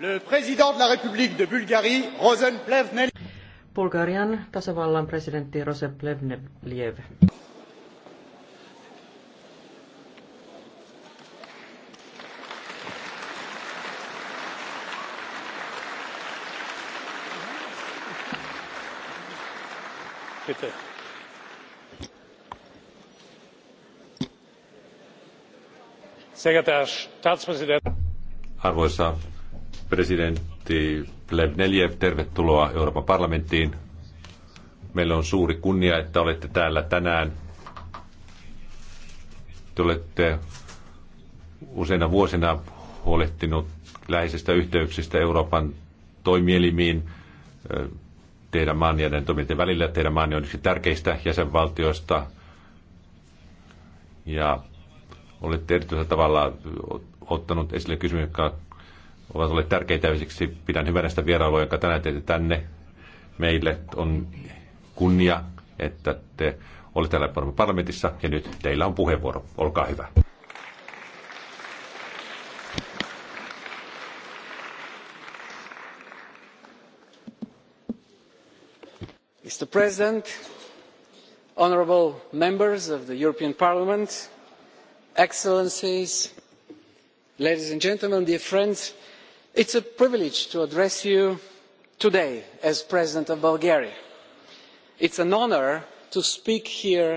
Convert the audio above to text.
Le président de la République de Bulgarie, Rosen Plevneliev. Bulgarian tasavallan presidentti Rosen Plevneliev. Sehr geehrter Herr Staatspräsident! Arvoisa presidentti Neljev, tervetuloa Euroopan parlamenttiin. Meillä on suuri kunnia, että olette täällä tänään. Te olette useina vuosina huolehtinut läheisistä yhteyksistä Euroopan toimielimiin teidän maan ja toimijoiden välillä. Teidän maan on yksi tärkeistä jäsenvaltioista ja olette erityisellä tavalla ottanut esille kysymyksiä, jotka ovat olleet tärkeitä siksi pidän hyvänä sitä vierailua, joka tänään teette tänne. Meille on kunnia, että te olette täällä Euroopan parlamentissa ja nyt teillä on puheenvuoro. Olkaa hyvä. Mr. President, honourable members of the European Parliament, Excellencies, ladies and gentlemen, dear friends, it is a privilege to address you today as president of bulgaria. it is an honour to speak here